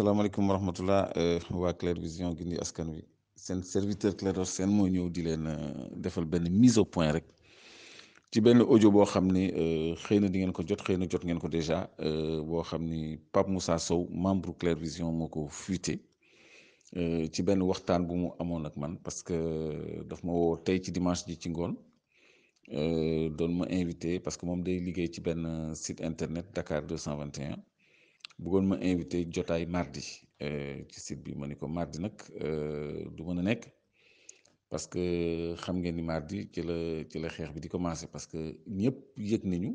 salaamaaleykum wa rahmatulah euh, waa Vision gi askan wi seen serviteur Clédor seen mooy ñëw di leen euh, defal benn mise point rek ci benn audio boo xam ni euh, xëy na di ngeen ko jot xëy na jot ngeen ko déjà boo xam ni Pape Moussa Sow membre Claire Vision moo ko fuité ci benn waxtaan bu mu amoon ak man parce que daf ma woo tey ci dimanche ji ci ngoon doon ma invité parce que moom day liggéey ci benn site internet Dakar 221. buggoon ma invité jotaay mardi euh, ci site bi ma ni ko mardi nag euh, du mën a nekk parce que xam ngeen ni mardi ci la ci la xeex bi di commencé parce que ñëpp yëg nañu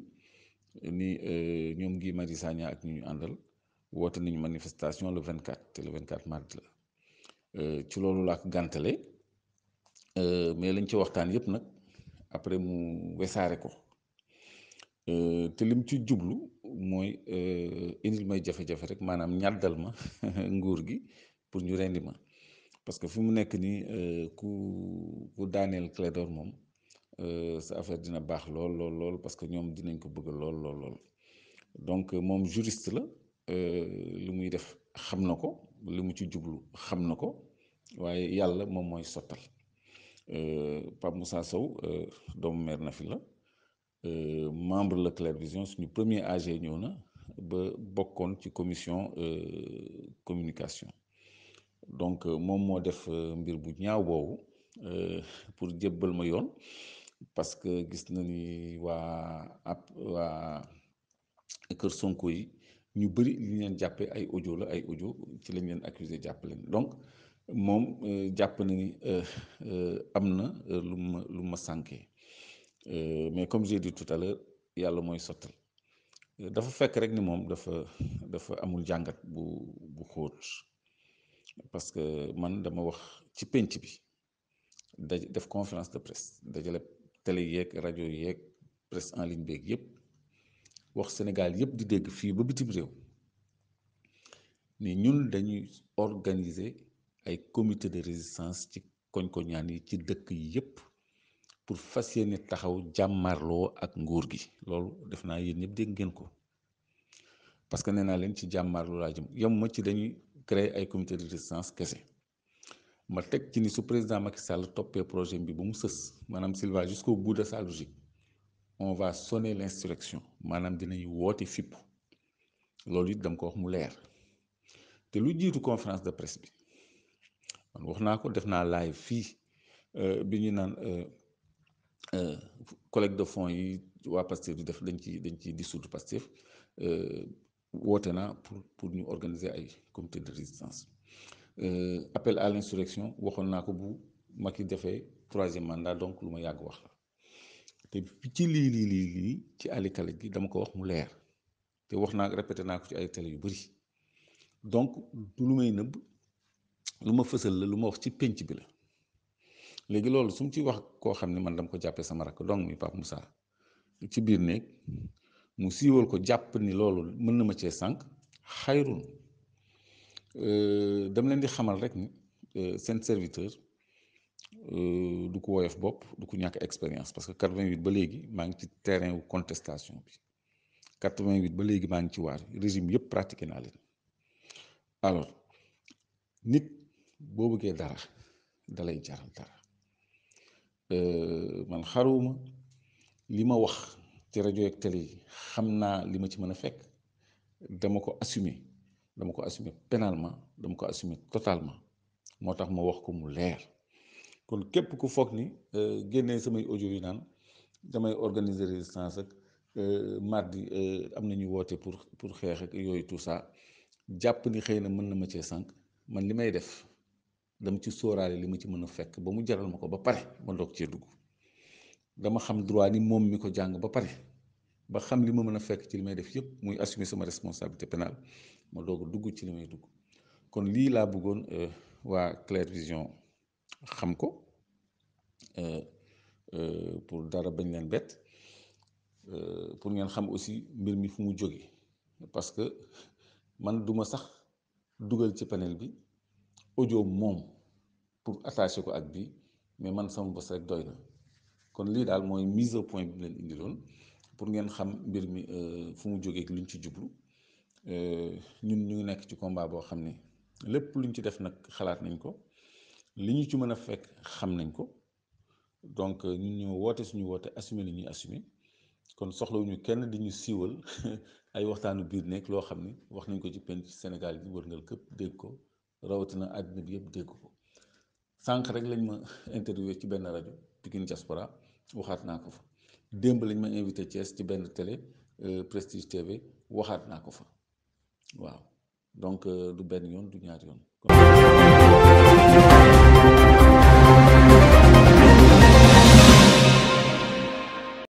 ni euh, ñoom ngi Mari ak ñu àndal woote nañu manifestation le vingt 24 te le 24 mardi la ci loolu laa ko gàntale mais lañ ci waxtaan yëpp nag après mu wesaare ko te lim ci jublu. mooy euh, indil may jafe-jafe rek maanaam ñàddal ma nguur gi pour ñu rendi ma parce que fi mu nekk nii euh, ku ku daaneel Clédor moom euh, sa affaire dina baax lool lool lool parce que ñoom dinañ ko bëgg lool lool lool donc moom juriste la li muy def xam na ko li mu ci jublu xam na ko waaye yàlla moom mooy sottal Pape Moussa Sow doomu meer na fi la Euh, membre la Claire suñu premier age ñëw na ba bokkoon ci commission euh, communication donc euh, moom moo def mbir bu ñaaw boobu pour jébbal ma yoon parce que gis na ni waa ab waa kër Sonko yi ñu bëri li ñu leen jàppee ay audio la ay audio ci lañ leen accusé jàpp donc moom jàpp na ni am na lu ma lu ma sànkee Euh, mais comme j'ai dit tout à yàlla mooy sottal euh, dafa fekk rek ni moom dafa dafa amul jàngat bu bu xóot parce que man dama wax ci pénc bi daj def conférence de presse dajale télé yeeg rajo yeeg presse en ligne beeg yëpp wax Sénégal yëpp di dégg fii ba bitim réew ni ñun dañuy organiser ay comité de résistance ci koñ-koñaan yi ci dëkk yi yëpp pour fas yéene taxaw jàmmaarloo ak nguur gi loolu def naa yéen ñëpp dégg ngeen ko parce que nee naa leen ci jàmmarloo laa jëm yem ma ci dañuy créer ay comité de résistance kese ma teg ci ni su président Macky Sall toppee projet bi ba mu sës maanaam s'il va jusqu'au de sa on va sonner l'insurrection maanaam dinañ woote fipp loolu it dama ko wax mu leer te lu jiitu conférence de presse bi man wax naa ko def naa live fii euh, bi ñu naan. Euh, Euh, collecte de fonds yi waa Pastef di def dañ ci dañ ci dissoudre Pastef euh, woote na pour pour ñu organiser ay comité de résistance euh, appel à l'insurrection waxoon naa ko bu Macky defee troisième mandat donc lu ma yàgg wax la te ci lii lii lii lii ci àllikale gi dama ko wax mu leer te wax naa répété naa ko ci ay télé yu bëri donc lu may nëbb lu ma fësal la lu ma wax ci pénc bi la léegi loolu su mu ci wax koo xam ne man dama ko jàppee sama rakk dong mi Pape saa ci biir néeg mu siiwal ko jàpp ni loolu mën na ma cee sànq xayrun euh, dama leen di xamal rek ni euh, seen serviteur euh, du ko woyof bopp du ko ñàkk expérience parce que 88 ba léegi maa ngi ci terrain wu contestation bi 88 ba léegi maa ngi ci waar régime yëpp pratiqué naa leen alors nit boo bëggee dara dalay jaral dara Euh, man xaruma li ma wax ci rajo ak télé yi xam naa li ma ci mën a fekk dama ko assumer dama ko assumer penalement dama ko assumer totalement moo tax ma wax ko mu leer kon képp ku foog ni euh, génnee samay audio yi naan damay organiser résistance ak euh, mardi am na ñu woote pour pour xeex yooyu tout ça jàpp ni xëy na mën na ma cee sànq man li may def. dama ci sooraale li ma ci mën a fekk ba mu jaral ma ko ba pare ma doog cee dugg dama xam droit ni moom mi ko jàng ba pare ba xam li ma mën a fekk ci li may def yëpp muy assumer sama responsabilité pénale ma doog a dugg ci li may dugg kon lii laa buggoon euh, waa Clair Vision xam ko euh, euh, pour dara bañ leen bett pour ngeen xam aussi mbir mi fu mu jóge parce que man duma sax dugal ci panel bi audio moom pour attacher ko ak bi mais man sama bos rek doy na kon lii daal mooy mise au point bi mu leen indiloon pour ngeen xam mbir mi euh, fu mu jógee luñ ci jublu euh, ñun ñu ngi nekk ci combat boo xam ne lépp luñ ci def nag xalaat nañ ko li ñu ci mën a fekk xam nañ ko donc euh, ñun ñoo woote suñu woote assumé li ñuy assumé kon soxla soxlawuñu kenn di ñu siiwal ay waxtaanu biir nekk loo xam ne wax nañ ko ci penc Sénégal bi wërngal këpp dégg ko. rawatina àddina bi yëpp dégg ko sànq rek lañ ma interviewé ci benn rajo Pikine Diaspora waxaat naa ko fa démb lañ ma invité Thiès ci benn télé euh, Prestige TV waxaat naa ko fa waaw donc euh, du benn yoon du ñaari yoon.